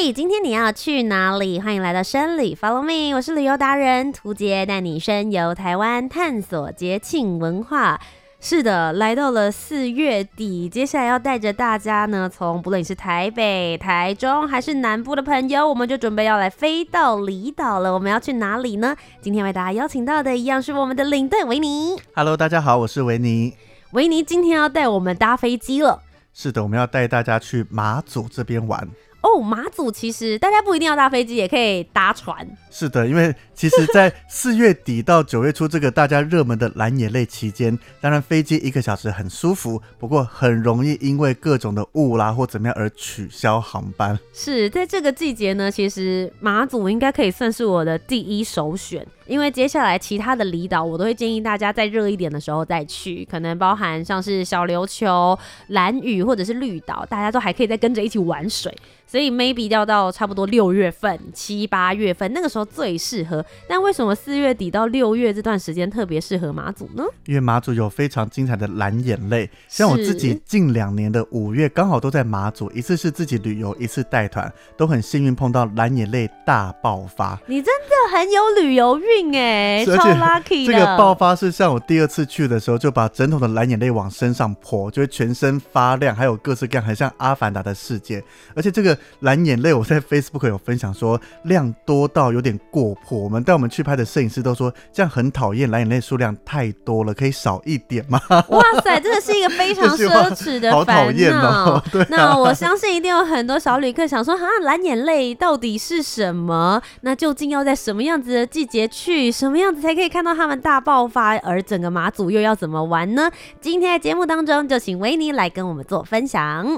嘿，hey, 今天你要去哪裡？歡迎來到深旅，Follow me，我是旅遊達人屠潔，帶你深遊台灣，探索節慶文化。是的，來到了四月底，接下來要帶着大家呢，從不論你是台北、台中還是南部的朋友，我們就準備要來飛到離島了。我們要去哪裡呢？今天為大家邀請到的一樣是我們的領隊維尼。Hello，大家好，我是維尼。維尼今天要帶我們搭飛機了。是的，我們要帶大家去馬祖這邊玩。哦，馬祖其實大家不一定要搭飛機，也可以搭船。是的，因為其實，在四月底到九月初這個大家熱門的藍眼淚期間， 當然飛機一個小時很舒服，不過很容易因為各種的霧啦或怎麼樣而取消航班。是，在這個季節呢，其實馬祖應該可以算是我的第一首選。因為接下來其他的離島，我都會建議大家在熱一點的時候再去，可能包含像是小琉球、蘭嶼或者是綠島，大家都還可以再跟着一起玩水。所以 maybe 要到差不多六月份、七八月份，那個時候最適合。但為什麼四月底到六月這段時間特別適合馬祖呢？因為馬祖有非常精彩的藍眼淚，像我自己近兩年的五月剛好都在馬祖，一次是自己旅遊，一次帶團，都很幸運碰到藍眼淚大爆發。你真的很有旅遊運。.哎，超 lucky 的。這個爆發是像我第二次去的時候，就把整桶的藍眼淚往身上潑，就會全身發亮，還有各式各樣，很像《阿凡達》的世界。而且這個藍眼淚，我在 Facebook 有分享說，量多到有點過曝。我們帶我們去拍的攝影師都說，這樣很討厭，藍眼淚數量太多了，可以少一點嗎？ 哇塞，真的是一個非常奢侈的煩惱。好討厭 哦。對 那我相信一定有很多小旅客想說，啊，藍眼淚到底是什麼？那究竟要在什麼樣子的季節去？去什麼樣子才可以看到他們大爆發？而整個馬祖又要怎麼玩呢？今天的節目當中，就請維尼來跟我們做分享。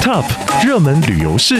Top 熱門旅遊市。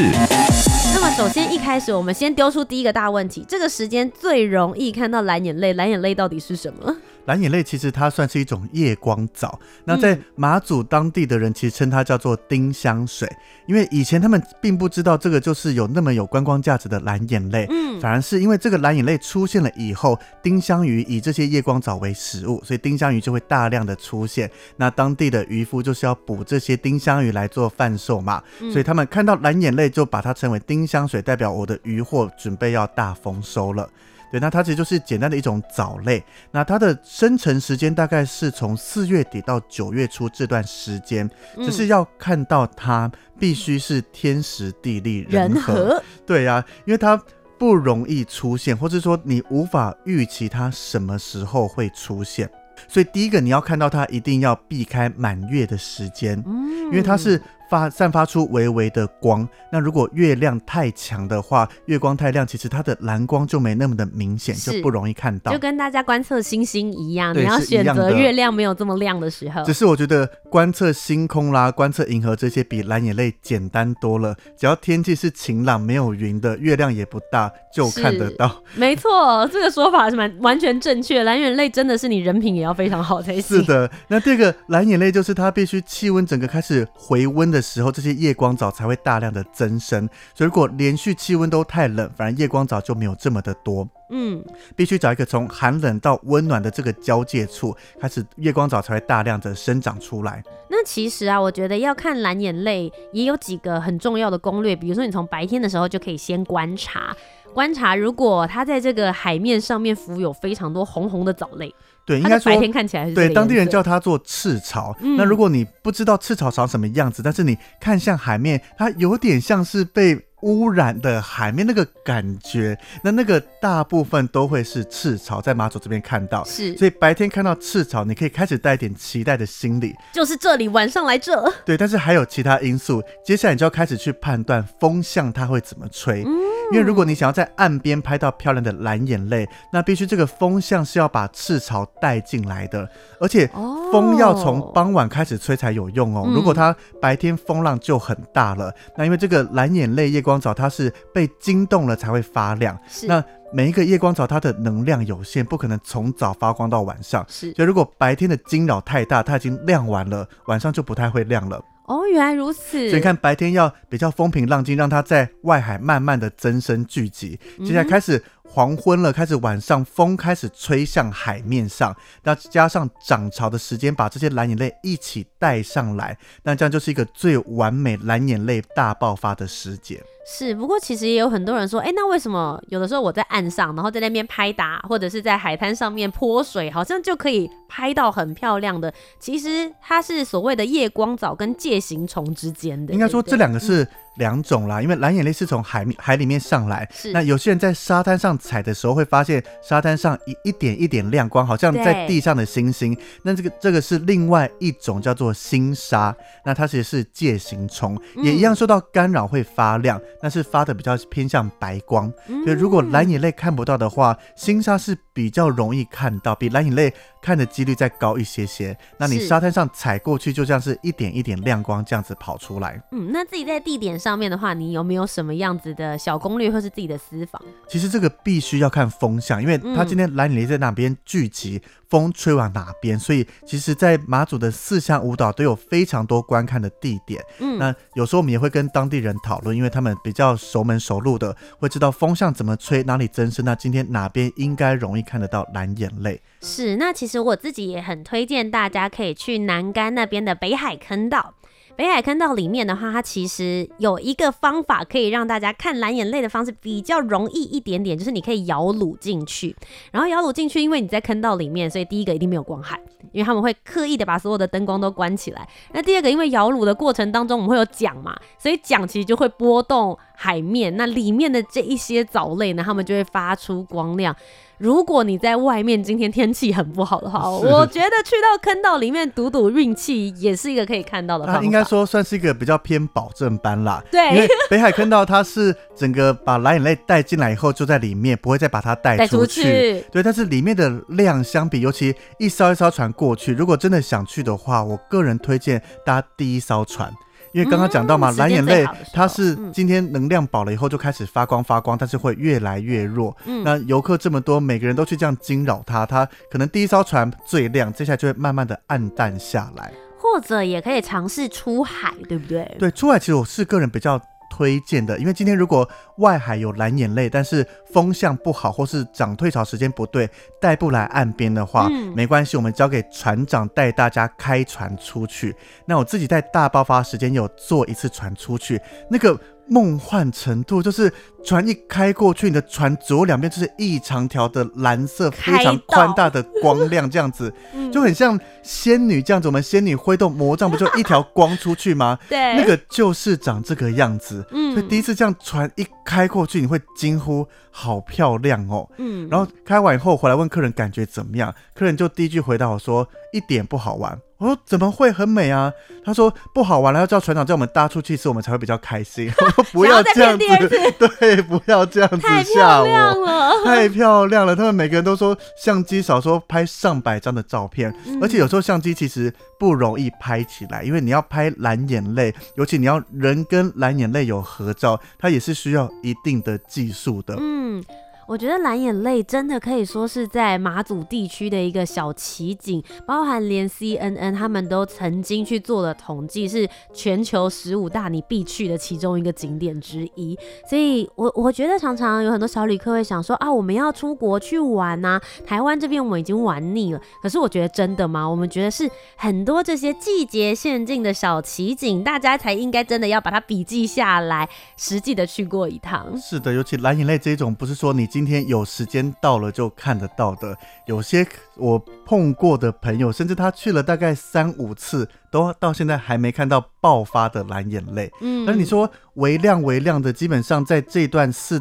那麼首先一開始，我們先丟出第一個大問題：這個時間最容易看到藍眼淚，藍眼淚到底是什麼？藍眼淚其實它算是一種夜光藻，那在馬祖當地的人其實稱它叫做丁香水，因為以前他們並不知道這個就是有那麼有觀光價值的藍眼淚，嗯，反而是因為這個藍眼淚出現了以後，丁香魚以這些夜光藻為食物，所以丁香魚就會大量的出現。那當地的漁夫就是要捕這些丁香魚來做販售嘛，所以他們看到藍眼淚就把它稱為丁香水，代表我的魚貨準備要大豐收了。對，那它其實就是簡單的一種藻類。那它的生成時間大概是從四月底到九月初這段時間，只是要看到它必須是天時地利人和。嗯、對呀、啊，因為它不容易出現，或者說你無法預期它什麼時候會出現。所以第一個你要看到它，一定要避開滿月的時間，因為它是。發散發出微微的光。那如果月亮太強的話，月光太亮，其實它的藍光就沒那麼的明顯，是就不容易看到。就跟大家觀測星星一樣，對你要選擇月亮沒有這麼亮的時候。是只是我覺得觀測星空啦，觀測銀河這些比藍眼淚簡單多了。只要天氣是晴朗，沒有雲的，月亮也不大，就看得到。沒錯，這個說法是蠻完全正確。藍眼淚真的是你人品也要非常好才行。是的，那這個藍眼淚就是它必須氣溫整個開始回溫的。的時候，這些夜光藻才會大量的增生。所以如果連續氣溫都太冷，反而夜光藻就沒有這麼的多。嗯，必須找一個從寒冷到溫暖的這個交界處開始，夜光藻才會大量的生長出來。那其實啊，我覺得要看藍眼淚也有幾個很重要的攻略。比如說，你從白天的時候就可以先觀察，觀察如果它在這個海面上面浮有非常多紅紅的藻類。對，應該說白天看起來是，對，當地人叫它做赤潮。嗯，那如果你不知道赤潮長什麼樣子，但是你看向海面，它有點像是被污染的海面那個感覺，那那個大部分都會是赤潮，在馬祖這邊看到。是，所以白天看到赤潮，你可以開始帶點期待的心理，就是這裡晚上來這。對，但是還有其他因素，接下來你就要開始去判斷風向它會怎麼吹。嗯。因為如果你想要在岸邊拍到漂亮的藍眼淚，那必須這個風向是要把赤潮帶進來的，而且風要從傍晚開始吹才有用哦。如果它白天風浪就很大了，那因為這個藍眼淚夜光藻它是被驚動了才會發亮。是那每一個夜光藻它的能量有限，不可能從早發光到晚上。是，所以如果白天的驚擾太大，它已經亮完了，晚上就不太會亮了。哦，原來如此。所以看白天要比較風平浪靜，讓它在外海慢慢的增生聚集。接下來開始黃昏了，開始晚上風開始吹向海面上，那加上漲潮的時間，把這些藍眼淚一起帶上來。那這樣就是一個最完美藍眼淚大爆發的時節。是，不過其實也有很多人說，哎、欸，那為什麼有的時候我在岸上，然後在那邊拍打，或者是在海灘上面潑水，好像就可以拍到很漂亮的？其實它是所謂的夜光藻跟介形蟲之間的。應該說這兩個是、嗯。兩種啦，因為藍眼淚是從海海裡面上來，是，那有些人在沙灘上踩的時候會發現沙灘上一一點一點亮光，好像在地上的星星。對那這個這個是另外一種叫做星沙，那它其實是介形蟲，也一樣受到干擾會發亮，嗯、但是發的比較偏向白光。所以如果藍眼淚看不到的話，星沙是比較容易看到，比藍眼淚。看的幾率再高一些些，那你沙灘上踩過去，就像是一點一點亮光這樣子跑出來。嗯，那自己在地點上面的話，你有沒有什麼樣子的小攻略或是自己的私房？其實這個必須要看風向，因為它今天藍眼淚在哪邊聚集，風吹往哪邊，所以其實，在馬祖的四鄉五島都有非常多觀看的地點。嗯，那有時候我們也會跟當地人討論，因為他們比較熟門熟路的，會知道風向怎麼吹，哪裡增生，那今天哪邊應該容易看得到藍眼淚。是，那其實。我自己也很推薦大家可以去南竿那邊的北海坑道。北海坑道裡面的話，它其實有一個方法可以讓大家看藍眼淚的方式比較容易一點點，就是你可以搖櫓進去。然後搖櫓進去，因為你在坑道裡面，所以第一個一定沒有光害，因為他們會刻意的把所有的燈光都關起來。那第二個，因為搖櫓的過程當中我們會有槳嘛，所以槳其實就會波動。海面那裡面的這一些藻類呢，它們就會發出光亮。如果你在外面，今天天氣很不好的話，是是我覺得去到坑道裡面賭賭運氣也是一個可以看到的，啊。應該說算是一個比較偏保證班啦。對，因為北海坑道它是整個把藍眼淚帶進來以後，就在裡面，不會再把它帶出去。 對，但是裡面的量相比，尤其一艘一艘船過去，如果真的想去的話，我個人推薦搭第一艘船。因為剛剛講到嘛，嗯、藍眼淚它是今天能量飽了以後就開始發光發光，嗯、但是會越來越弱。嗯、那遊客這麼多，每個人都去這樣驚擾它，它可能第一艘船最亮，接下來就會慢慢的暗淡下來。或者也可以嘗試出海，對不對？對，出海其實我是個人比較。推薦的，因為今天如果外海有藍眼淚，但是風向不好，或是漲退潮時間不對，帶不來岸邊的話，嗯，沒關係，我們交給船長帶大家開船出去。那我自己在大爆發時間有坐一次船出去，那個。夢幻程度就是船一開過去，你的船左右兩邊就是一長條的藍色，非常寬大的光亮，這樣子就很像仙女這樣子。我們仙女揮動魔杖，不就一條光出去嗎？對，那個就是長這個樣子。所以第一次這樣船一開過去，你會驚呼好漂亮哦。嗯，然後開完以後回來問客人感覺怎麼樣？客人就第一句回答我說，一點不好玩，我說怎麼會很美啊？他說不好玩了，要叫船長叫我們搭出去時，我們才會比較開心。我說不要這樣子， 對，不要這樣子嚇我，太漂亮了，太漂亮了。他們每個人都說相機少說拍上百張的照片，嗯、而且有時候相機其實不容易拍起來，因為你要拍藍眼淚，尤其你要人跟藍眼淚有合照，它也是需要一定的技術的。嗯。我覺得藍眼淚真的可以說是在馬祖地區的一個小奇景，包含連 CNN 他們都曾經去做了統計，是全球十五大你必去的其中一個景點之一。所以，我我覺得常常有很多小旅客會想說啊，我們要出國去玩啊，台灣這邊我們已經玩膩了。可是我覺得真的嗎？我們覺得是很多這些季節限定的小奇景，大家才應該真的要把它筆記下來，實際的去過一趟。是的，尤其藍眼淚這一種，不是說你。今天有時間到了就看得到的。有些我碰過的朋友，甚至他去了大概三五次，都到現在還沒看到爆發的藍眼淚。嗯，那你說微亮微亮的，基本上在這段四。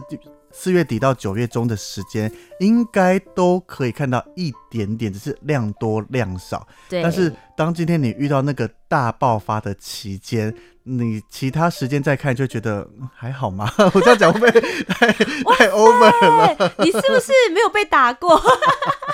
四月底到九月中的時間，應該都可以看到一點點，只是量多量少。對。但是當今天你遇到那個大爆發的期間，你其他時間再看就覺得、嗯、還好嗎？我這樣講會不會太， 太 over 了，What? 你是不是沒有被打過？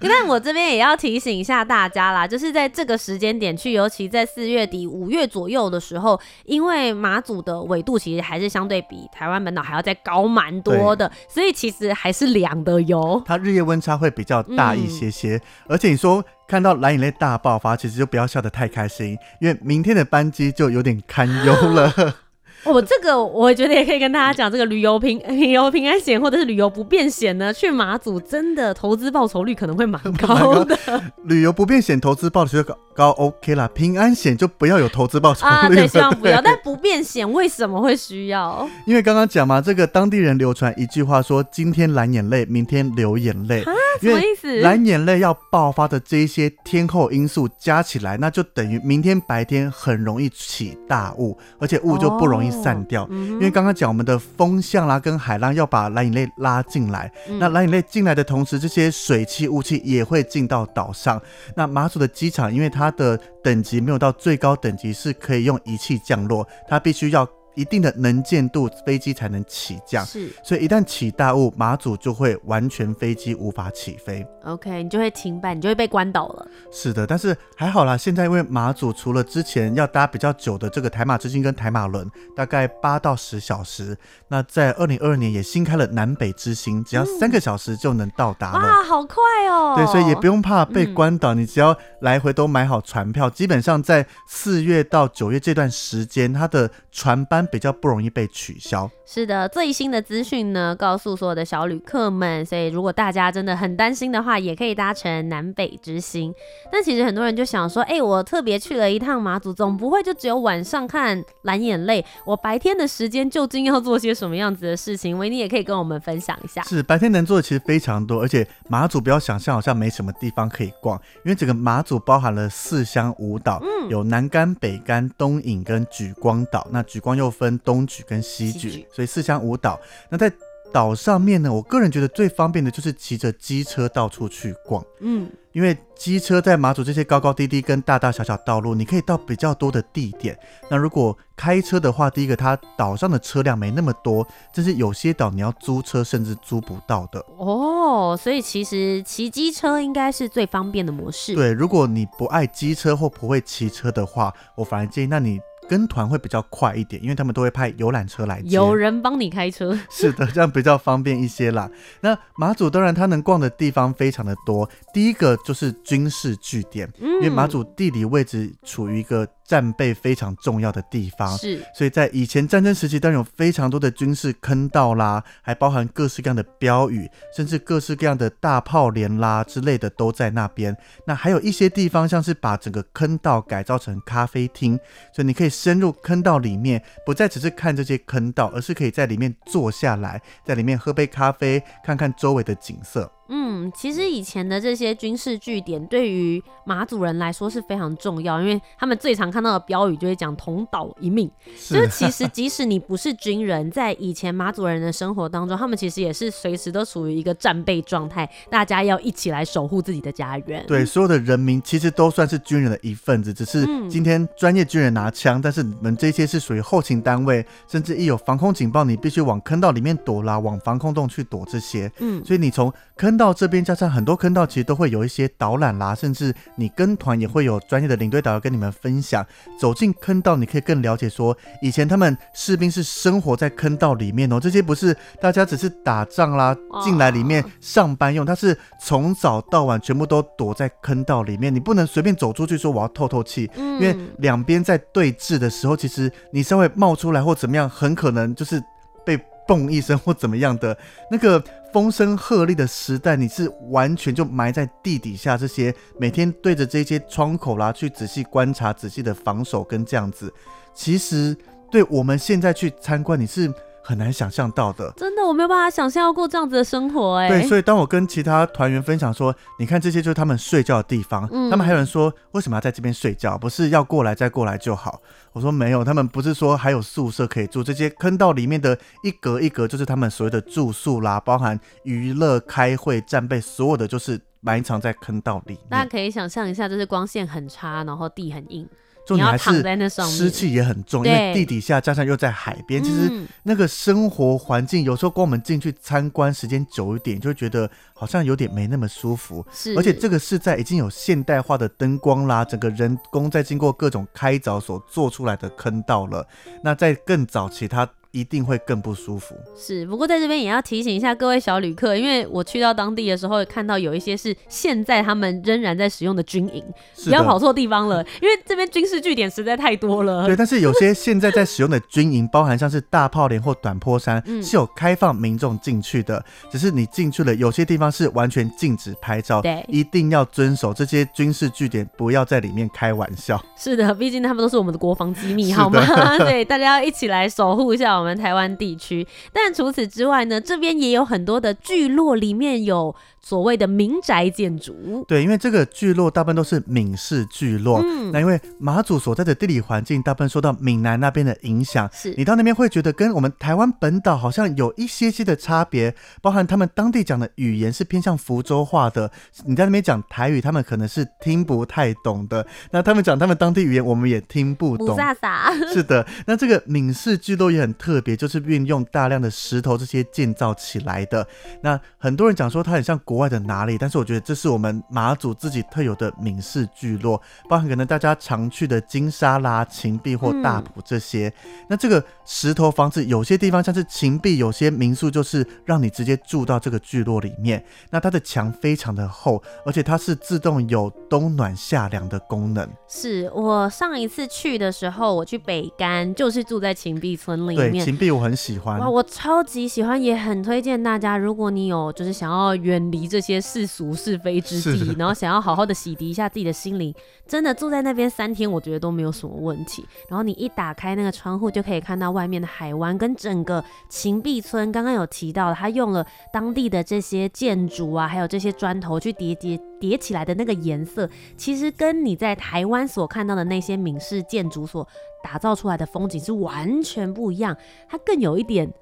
為 我這邊也要提醒一下大家啦，就是在這個時間點去，尤其在四月底、五月左右的時候，因為馬祖的緯度其實還是相對比台灣本島還要再高蠻多的，對所以其實還是涼的喲。它日夜溫差會比較大一些些，嗯、而且你說看到藍眼淚大爆發，其實就不要笑得太開心，因為明天的班機就有點堪憂了。 我、哦、這個我覺得也可以跟大家講，這個旅遊平旅遊平安險或者是旅遊不便險呢，去馬祖真的投資報酬率可能會蠻高的。高旅遊不便險投資報酬率高 OK 啦，平安險就不要有投資報酬率了。啊，對，希望不要。對但不便險為什麼會需要？因為剛剛講嘛，這個當地人流傳一句話說：“今天藍眼淚，明天流眼淚。”啊，什麼意思？藍眼淚要爆發的這一些天候因素加起來，那就等於明天白天很容易起大霧，而且霧就不容易、哦。散掉，因為剛剛講我們的風向啦，跟海浪要把藍眼淚拉進來。那藍眼淚進來的同時，這些水汽、霧氣也會進到島上。那馬祖的機場，因為它的等級沒有到最高等級，是可以用儀器降落，它必須要。一定的能見度，飛機才能起降。是，所以一旦起大霧，馬祖就會完全飛機無法起飛。OK，你就會停擺，你就會被關島了。是的，但是還好啦，現在因為馬祖除了之前要搭比較久的這個台馬之星跟台馬輪，大概八到十小時，那在二零二二年也新開了南北之星，只要三個小時就能到達了，嗯。哇，好快哦！對，所以也不用怕被關島，你只要來回都買好船票，嗯、基本上在四月到九月這段時間，它的船班。比較不容易被取消。是的，最新的資訊呢，告訴所有的小旅客們。所以，如果大家真的很擔心的話，也可以搭乘南北之星。但其實很多人就想說，哎、欸，我特別去了一趟馬祖，總不會就只有晚上看藍眼淚。我白天的時間究竟要做些什麼樣子的事情？維尼也可以跟我們分享一下。是，白天能做的其實非常多。而且馬祖不要想象好像沒什麼地方可以逛，因為整個馬祖包含了四鄉五島，嗯、有南竿、北竿、東引跟莒光島。那莒光又分東莒跟西莒，西莒。所以四鄉五島。那在島上面呢，我個人覺得最方便的就是騎着機車到處去逛。嗯，因為機車在馬祖這些高高低低跟大大小小道路，你可以到比較多的地點。那如果開車的話，第一個它島上的車輛沒那麼多，這是有些島你要租車甚至租不到的。哦，所以其實騎機車應該是最方便的模式。對，如果你不愛機車或不會騎車的話，我反而建議那你。跟團會比較快一點，因為他們都會派遊覽車來接，有人幫你開車， 是的，這樣比較方便一些啦。那馬祖當然他能逛的地方非常的多，第一個就是軍事據點，因為馬祖地理位置處於一個。戰備非常重要的地方，是，所以在以前戰爭時期，當然有非常多的軍事坑道啦，還包含各式各樣的標語，甚至各式各樣的大炮連啦之類的都在那邊。那還有一些地方，像是把整個坑道改造成咖啡廳，所以你可以深入坑道裡面，不再只是看這些坑道，而是可以在裡面坐下來，在裡面喝杯咖啡，看看周圍的景色。嗯，其實以前的這些軍事據點對於馬祖人來說是非常重要，因為他們最常看到的標語就會講“同島一命”。就是、啊、其實即使你不是軍人，在以前馬祖人的生活當中，他們其實也是隨時都處於一個戰備狀態，大家要一起來守護自己的家園。對，所有的人民其實都算是軍人的一份子，只是今天專業軍人拿槍，但是你們這些是屬於後勤單位，甚至一有防空警報，你必須往坑道裡面躲啦，往防空洞去躲這些。嗯，所以你從坑。到這邊加上很多坑道，其實都會有一些導覽啦，甚至你跟團也會有專業的領隊導遊跟你們分享。走進坑道，你可以更了解說，以前他們士兵是生活在坑道裡面哦。這些不是大家只是打仗啦，進來裡面上班用，他是從早到晚全部都躲在坑道裡面，你不能隨便走出去說我要透透氣，因為兩邊在對峙的時候，其實你稍微冒出來或怎麼樣，很可能就是被。動一聲或怎麼樣的那個風聲鶴唳的時代，你是完全就埋在地底下。這些每天對着這些窗口啦，去仔細觀察、仔細的防守跟這樣子，其實對我們現在去參觀，你是。很難想象到的，真的我沒有辦法想象要過這樣子的生活哎。對，所以當我跟其他團員分享說，你看這些就是他們睡覺的地方，嗯、他們還有人說，為什麼要在這邊睡覺？不是要過來再過來就好？我說沒有，他們不是說還有宿舍可以住，這些坑道裡面的一格一格就是他們所謂的住宿啦，包含娛樂、開會、戰備，所有的就是埋藏在坑道裡。大家可以想象一下，就是光線很差，然後地很硬。重點還是濕氣也很重，要因為地底下加上又在海邊，對其實那個生活環境，有時候跟我們進去參觀時間久一點，嗯、就會覺得好像有點沒那麼舒服。是而且這個是在已經有現代化的燈光啦，整個人工在經過各種開鑿所做出來的坑道了。那在更早期，它一定會更不舒服。是，不過在這邊也要提醒一下各位小旅客，因為我去到當地的時候也看到有一些是現在他們仍然在使用的軍營，是的不要跑錯地方了。因為這邊軍事據點實在太多了。嗯，對，但是有些現在在使用的軍營， 包含像是大炮連或短坡山，嗯，是有開放民眾進去的。只是你進去了，有些地方是完全禁止拍照，對，一定要遵守這些軍事據點，不要在裡面開玩笑。是的，畢竟他們都是我們的國防機密，好嗎？的對，大家要一起來守護一下我們。我們台灣地區，但除此之外呢，這邊也有很多的聚落，裡面有所謂的民宅建築，對，因為這個聚落大部分都是閩式聚落。嗯，那因為馬祖所在的地理環境，大部分受到閩南那邊的影響，是你到那邊會覺得跟我們台灣本島好像有一些些的差別，包含他們當地講的語言是偏向福州話的，你在那邊講台語，他們可能是聽不太懂的。那他們講他們當地語言，我們也聽不懂。霧煞煞。是的，那這個閩式聚落也很特別，就是運用大量的石頭這些建造起來的。那很多人講說它很像。國外的哪裡？但是我覺得這是我們馬祖自己特有的閩式聚落，包含可能大家常去的金沙拉、芹壁或大埔這些。嗯、那這個石頭房子，有些地方像是芹壁，有些民宿就是讓你直接住到這個聚落裡面。那它的牆非常的厚，而且它是自動有冬暖夏涼的功能。是我上一次去的時候，我去北竿，就是住在芹壁村裡面。對，芹壁我很喜歡。哇，我超級喜歡，也很推薦大家。如果你有就是想要遠離。這些世俗是非之地，是的 然後想要好好的洗滌一下自己的心靈，真的住在那邊三天，我覺得都沒有什麼問題。然後你一打開那個窗戶，就可以看到外面的海灣跟整個芹壁村。剛剛有提到，他用了當地的這些建築啊，還有這些磚頭去疊疊疊起來的那個顏色，其實跟你在台灣所看到的那些閩式建築所打造出來的風景是完全不一樣。它更有一點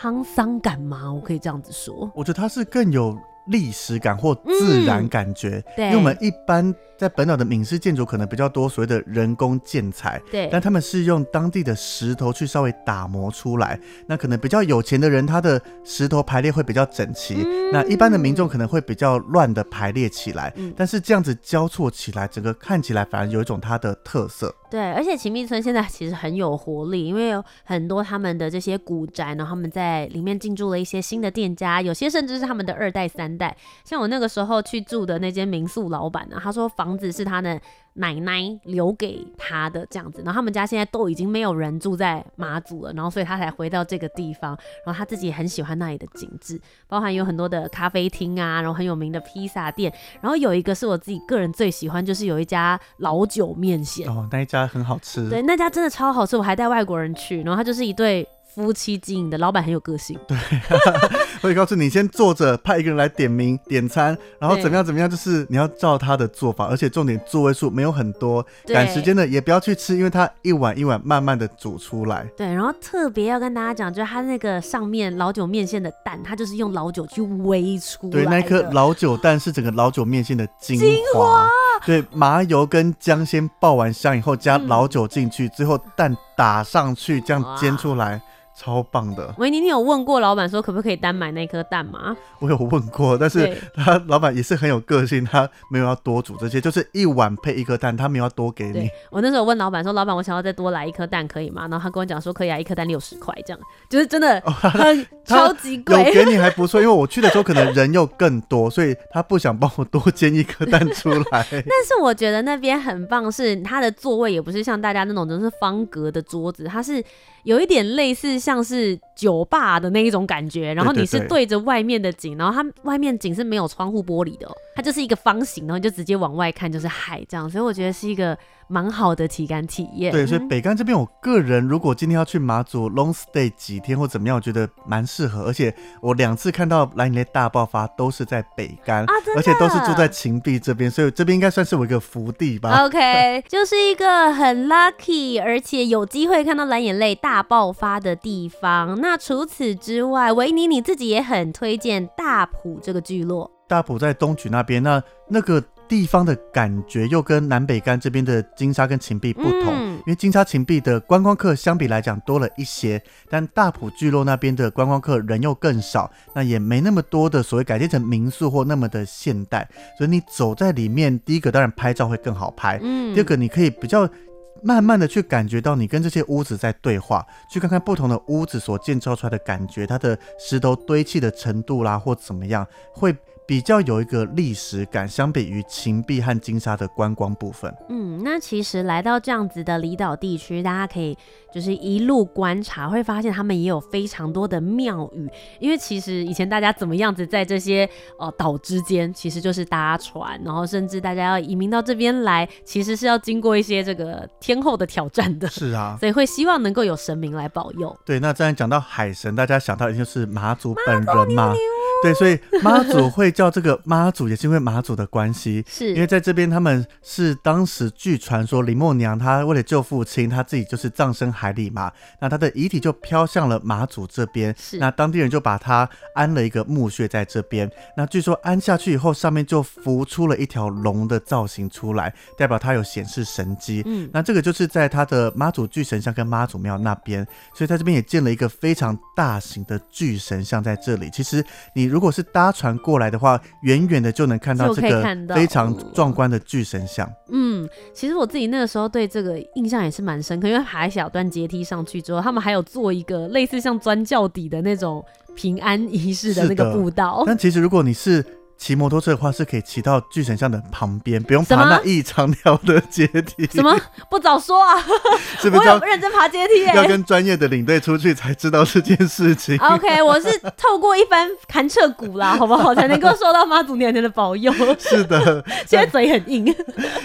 滄桑感嗎？我可以這樣子說？我覺得它是更有。歷史感或自然感覺，嗯、對，因為我們一般在本島的閩式建築可能比較多，所謂的人工建材，對但他們是用當地的石頭去稍微打磨出來。那可能比較有錢的人，他的石頭排列會比較整齊；嗯、那一般的民眾可能會比較亂的排列起來。嗯、但是這樣子交錯起來，整個看起來反而有一種它的特色。對，而且芹壁村現在其實很有活力，因為有很多他們的這些古宅，然後他們在裡面進駐了一些新的店家，有些甚至是他們的二代、三代。像我那個時候去住的那間民宿，老闆呢，他說房子是他的奶奶留給他的這樣子，然後他們家現在都已經沒有人住在馬祖了，然後所以他才回到這個地方，然後他自己很喜歡那裡的景致，包含有很多的咖啡廳啊，然後很有名的披薩店，然後有一個是我自己個人最喜歡，就是有一家老酒麵線哦，很好吃，對，對那家真的超好吃，我還帶外國人去，然後他就是一對。夫妻經營的老闆很有個性，對、啊，所以告訴你， 你先坐着，派一個人來點名點餐，然後怎麼樣怎麼樣，就是你要照他的做法，對而且重點座位數沒有很多，趕對時間的也不要去吃，因為他一碗一碗慢慢的煮出來。對，然後特別要跟大家講，就是他那個上面老酒麵線的蛋，他就是用老酒去煨出。對，那顆老酒蛋是整個老酒麵線的精華。華對，麻油跟薑先爆完香以後加老酒進去，嗯、最後蛋。打上去，這樣煎出來，哦啊，超棒的。喂，你你有問過老闆說可不可以單買那顆蛋嗎？我有問過，但是他對老闆也是很有個性，他沒有要多煮這些，就是一碗配一顆蛋，他沒有要多給你。我那時候問老闆說，老闆，我想要再多來一顆蛋可以嗎？然後他跟我講說可以啊，一顆蛋六十塊這樣，就是真的 他超級貴，他有給你還不錯，因為我去的時候可能人又更多， 所以他不想幫我多煎一顆蛋出來。 但是我覺得那邊很棒，是它的座位也不是像大家那種就是方格的桌子，它是有一點類似像是酒吧的那一種感覺，然後你是對着外面的景，然後它外面景是沒有窗戶玻璃的哦，它就是一個方形，然後你就直接往外看就是海這樣，所以我覺得是一個。蠻好的體感體驗。對，所以北竿這邊，我個人如果今天要去馬祖 long stay 幾天或怎麼樣，我覺得蠻適合。而且我兩次看到藍眼淚大爆發都是在北竿、啊、真的、而且都是住在芹壁這邊，所以這邊應該算是我一個福地吧。OK， 就是一個很 lucky，而且有機會看到藍眼淚大爆發的地方。那除此之外，維尼你自己也很推薦大浦這個聚落。大浦在東莒那邊，那那個。地方的感覺又跟南北竿這邊的金沙跟芹壁不同，因為金沙芹壁的觀光客相比來講多了一些，但大浦聚落那邊的觀光客人又更少，那也沒那麼多的所謂改建成民宿或那麼的現代，所以你走在裡面，第一個當然拍照會更好拍，第二個你可以比較慢慢的去感覺到你跟這些屋子在對話，去看看不同的屋子所建造出來的感覺，它的石頭堆砌的程度啦、啊、或怎麼樣會。比較有一個歷史感，相比於芹壁和金沙的觀光部分。嗯，那其實來到這樣子的離島地區，大家可以就是一路觀察，會發現他們也有非常多的廟宇。因為其實以前大家怎麼樣子在這些呃島之間，其實就是搭船，然後甚至大家要移民到這邊來，其實是要經過一些這個天候的挑戰的。是啊，所以會希望能夠有神明來保佑。對，那這樣講到海神，大家想到一定是媽祖本人嘛。對，所以馬祖會叫這個馬祖，也是因為媽祖的關係， 是因為在這邊他們是當時據傳說，林默娘她為了救父親，她自己就是葬身海裡嘛，那她的遺體就飄向了馬祖這邊，是那當地人就把她安了一個墓穴在這邊，那據說安下去以後，上面就浮出了一條龍的造型出來，代表它有顯示神蹟。嗯，那這個就是在他的媽祖巨神像跟媽祖廟那邊，所以在這邊也建了一個非常大型的巨神像在這裡，其實你。如果是搭船過來的話，遠遠的就能看到這個非常壯觀的巨神像。就可以看到，哦。嗯，其實我自己那個時候對這個印象也是蠻深刻，因為爬一小段階梯上去之後，他們還有做一個類似像鑽轎底的那種平安儀式的那個步道。但其實如果你是騎摩托車的話是可以騎到巨神像的旁邊，不用爬麼那一長條的階梯。什麼？不早說啊！ 是不是 我有認真爬階梯，要跟專業的領隊出去才知道這件事情。 OK，我是透過一番寒徹骨啦，好不好？才能夠受到媽祖娘娘的保佑。 是的， 現在嘴很硬。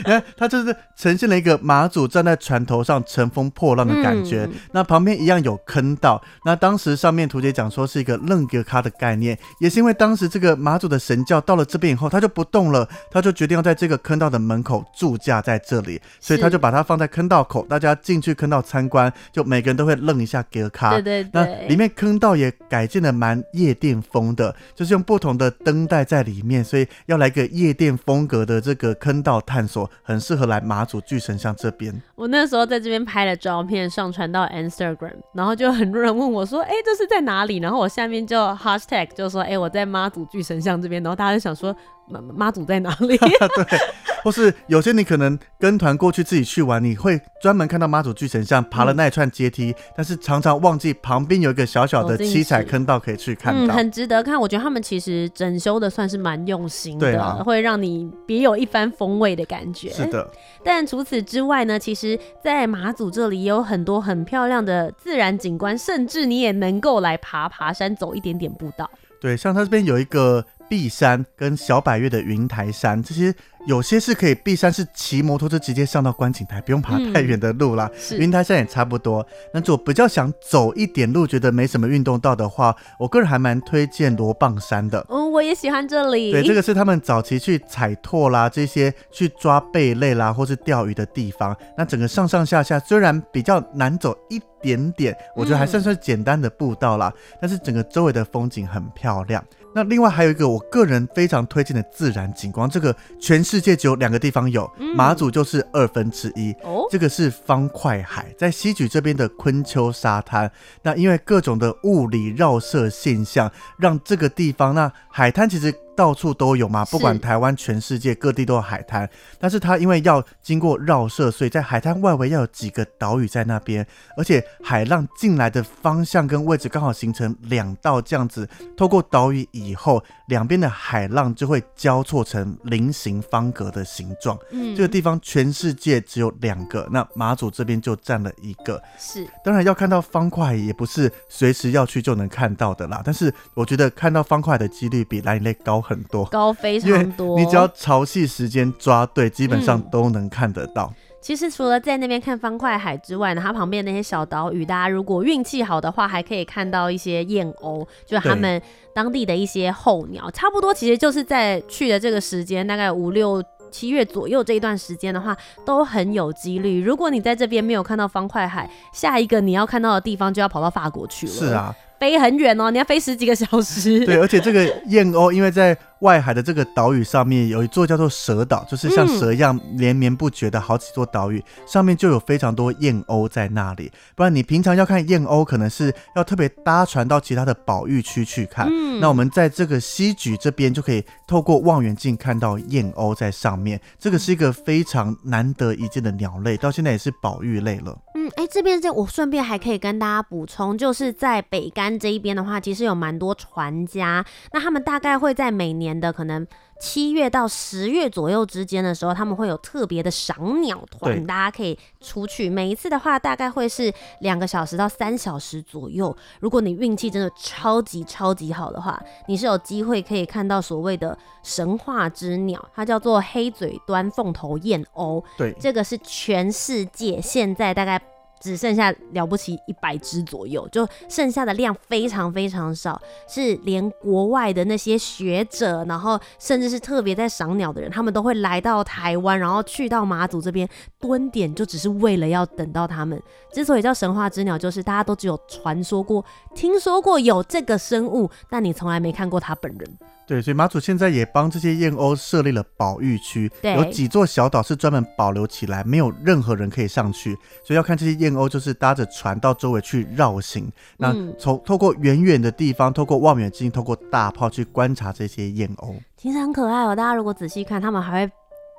哎 嗯，他就是呈現了一個媽祖站在船頭上乘風破浪的感覺。嗯、那旁邊一樣有坑道。那當時上面圖解講說是一個楞格卡的概念，也是因為當時這個媽祖的神教。到了這邊以後，他就不動了，他就決定要在這個坑道的門口駐駕在這裡，是所以他就把它放在坑道口，大家進去坑道參觀，就每個人都會愣一下，隔卡對對對。那裡面坑道也改建的蠻夜店風的，就是用不同的燈帶在裡面，所以要來個夜店風格的這個坑道探索，很適合來媽祖巨神像這邊。我那時候在這邊拍了照片，上傳到 Instagram，然後就很多人問我說：“哎、欸，這是在哪裡？”然後我下面就 hashtag 就說：“哎、欸，我在媽祖巨神像這邊。”然後大家。想說媽媽祖在哪裡？ 對，或是有些你可能跟團過去自己去玩， 你會專門看到媽祖巨神像爬了那一串階梯，嗯、但是常常忘記旁邊有一個小小的七彩坑道可以去看。嗯，很值得看。我覺得他們其實整修的算是蠻用心的，對啊、會讓你別有一番風味的感覺。是的。但除此之外呢，其實在馬祖這裡也有很多很漂亮的自然景觀，甚至你也能夠來爬爬山，走一點點步道。對，像他這邊有一個。碧山跟小百岳的雲台山，這些有些是可以。壁山是騎摩托車直接上到觀景台，不用爬太遠的路啦。嗯、雲台山也差不多。是那如果比較想走一點路，覺得沒什麼運動到的話，我個人還蠻推薦螺蚌山的。嗯，我也喜歡這裡。對，這個是他們早期去踩拓啦，這些去抓貝類啦，或是釣魚的地方。那整個上上下下雖然比較難走一點點，我覺得還算算簡單的步道啦。嗯、但是整個周圍的風景很漂亮。那另外還有一個我個人非常推薦的自然景觀，這個全世界只有兩個地方有，馬祖就是二分之一，哦，這個是方塊海，在西莒這邊的昆丘沙灘，那因為各種的物理繞射現象，讓這個地方那海灘其實。到處都有嘛，不管台灣，全世界各地都有海灘。是。但是它因為要經過繞射，所以在海灘外圍要有幾個島嶼在那邊，而且海浪進來的方向跟位置剛好形成兩道這樣子。透過島嶼以後，兩邊的海浪就會交錯成菱形方格的形狀。嗯，這個地方全世界只有兩個，那馬祖這邊就占了一個。是，當然要看到方塊也不是隨時要去就能看到的啦。但是我覺得看到方塊的幾率比藍眼淚高。很多高，非常多，你只要潮汐時間抓對，基本上都能看得到。嗯，其實除了在那邊看方塊海之外呢，它旁邊那些小島嶼，大家如果運氣好的話，還可以看到一些燕鷗，就是他們當地的一些候鳥。對差不多其實就是在去的這個時間，大概五六七月左右這一段時間的話，都很有幾率。如果你在這邊沒有看到方塊海，下一個你要看到的地方就要跑到法國去了。是啊。飛很遠哦，你要飛十幾個小時。對，而且這個燕鷗，因為在外海的這個島嶼上面，有一座叫做蛇島，就是像蛇一樣連綿不絕的好幾座島嶼，嗯、上面就有非常多燕鷗在那裡。不然你平常要看燕鷗，可能是要特別搭船到其他的保育區去看。嗯、那我們在這個西莒這邊就可以透過望遠鏡看到燕鷗在上面。這個是一個非常難得一見的鳥類，到現在也是保育類了。嗯，哎、欸，這邊這我順便還可以跟大家補充，就是在北竿。這一邊的話，其實有蠻多船家，那他們大概會在每年的可能七月到十月左右之間的時候，他們會有特別的賞鳥團，對大家可以出去。每一次的話，大概會是兩個小時到三小時左右。如果你運氣真的超級超級好的話，你是有機會可以看到所謂的神話之鳥，它叫做黑嘴端鳳頭燕鷗。對，這個是全世界現在大概，只剩下了不起一百隻左右，就剩下的量非常非常少，是連國外的那些學者，然後甚至是特別在賞鳥的人，他們都會來到台灣，然後去到馬祖這邊蹲點，就只是為了要等到他們。之所以叫神話之鳥，就是大家都只有傳說過、聽說過有這個生物，但你從來沒看過他本人。對，所以馬祖現在也幫這些燕鷗設立了保育區，對有幾座小島是專門保留起來，沒有任何人可以上去，所以要看這些燕鷗。燕鷗就是搭着船到周圍去繞行，那從透過遠遠的地方，透過望遠鏡，透過大炮去觀察這些燕鷗，其實很可愛哦。大家如果仔細看，他們還會。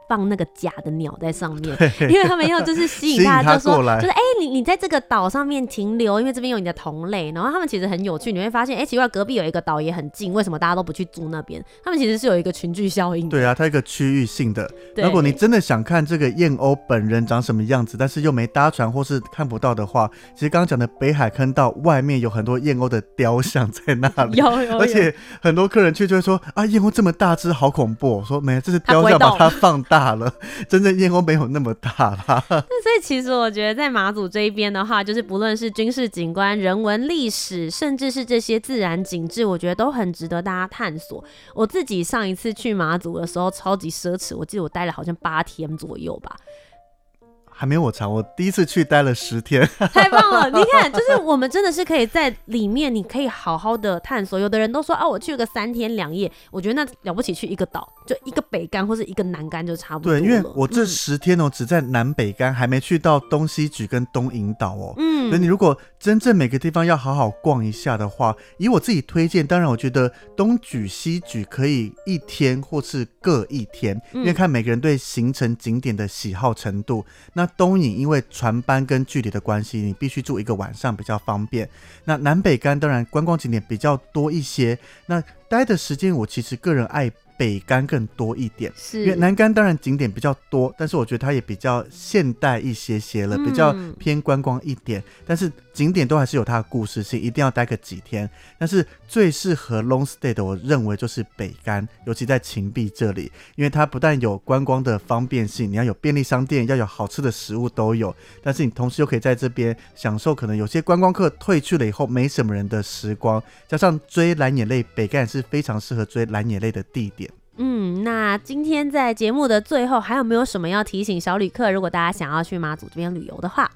放那個假的鳥在上面，對因為他們要就是吸引大家，就說 他過來，就是哎、欸，你你在這個島上面停留，因為這邊有你的同類。然後他們其實很有趣，你會發現哎、欸，奇怪，隔壁有一個島也很近，為什麼大家都不去住那邊？他們其實是有一個群聚效應。對啊，它一個區域性的。對如果你真的想看這個燕鷗本人長什麼樣子，但是又沒搭船或是看不到的話，其實剛剛講的北海坑道外面有很多燕鷗的雕像在那裡，有有有有，而且很多客人卻就會說啊，燕鷗這麼大隻，好恐怖，哦。說沒，這是雕像把它放大。大了，真的煙火沒有那麼大了。那所以其實我覺得在馬祖這一邊的話，就是不論是軍事景觀、人文歷史，甚至是這些自然景致，我覺得都很值得大家探索。我自己上一次去馬祖的時候，超級奢侈，我記得我待了好像八天左右吧，還沒有我長。我第一次去待了十天， 太棒了！你看，就是我們真的是可以在裡面，你可以好好的探索。有的人都說啊，我去個三天兩夜，我覺得那了不起，去一個島。就一個北竿，或者一個南竿，就差不多了。對，因為我這十天哦，只在南北竿，嗯、還沒去到東西莒跟東引島哦。嗯。所以你如果真正每個地方要好好逛一下的話，以我自己推薦，當然我覺得東莒、西莒可以一天或是各一天，因為看每個人對行程景點的喜好程度。嗯、那東引因為船班跟距離的關係，你必須住一個晚上比較方便。那南北竿，當然觀光景點比較多一些，那待的時間我其實個人愛。北竿更多一點，因為南竿當然景點比較多，但是我覺得它也比較現代一些些了，比較偏觀光一點，但是景點都還是有它的故事性，一定要待個幾天。但是最適合 long stay 的，我認為就是北竿，尤其在芹壁這裡，因為它不但有觀光的方便性，你要有便利商店，要有好吃的食物都有，但是你同時又可以在這邊享受可能有些觀光客退去了以後沒什麼人的時光，加上追藍眼淚，北竿也是非常適合追藍眼淚的地點。嗯，那今天在節目的最後，還有沒有什麼要提醒小旅客？如果大家想要去馬祖這邊旅遊的話，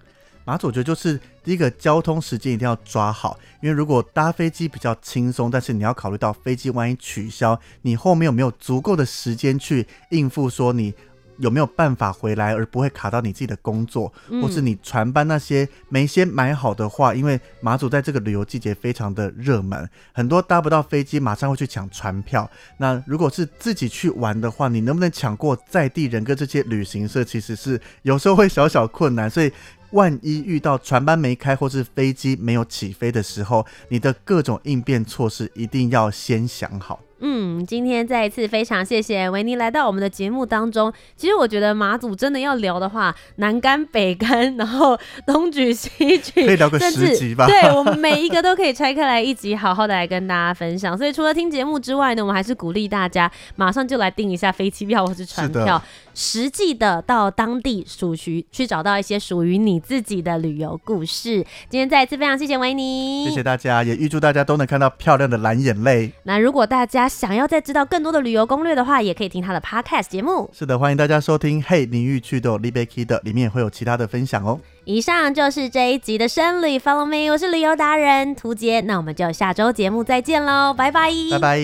馬祖我覺得就是第一個交通時間一定要抓好，因為如果搭飛機比較輕鬆，但是你要考慮到飛機萬一取消，你後面有沒有足夠的時間去應付說你。有沒有辦法回來而不會卡到你自己的工作，或是你船班那些沒先買好的話？因為馬祖在這個旅遊季節非常的熱門，很多搭不到飛機馬上會去搶船票。那如果是自己去玩的話，你能不能搶過在地人跟這些旅行社？其實是有時候會小小困難。所以萬一遇到船班沒開或是飛機沒有起飛的時候，你的各種應變措施一定要先想好。嗯，今天再一次非常謝謝維尼來到我們的節目當中。其實我覺得馬祖真的要聊的話，南竿、北竿，然後東莒、西莒，可以聊個十集吧。甚至，對我們每一個都可以拆開來一集，好好的來跟大家分享。 所以除了聽節目之外呢，我們還是鼓勵大家馬上就來訂一下飛機票或是船票，的實際的到當地屬於去找到一些屬於你自己的旅遊故事。今天再一次非常謝謝維尼，謝謝大家，也預祝大家都能看到漂亮的藍眼淚。那如果大家。想要再知道更多的旅遊攻略的話，也可以聽他的 Podcast 節目。是的，歡迎大家收聽《Hey，你欲去的 Liberty》的，裡面也會有其他的分享哦。以上就是這一集的深旅 Follow Me，我是旅遊達人屠潔，那我們就下周節目再見嘍，拜拜，拜拜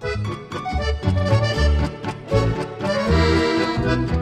bye。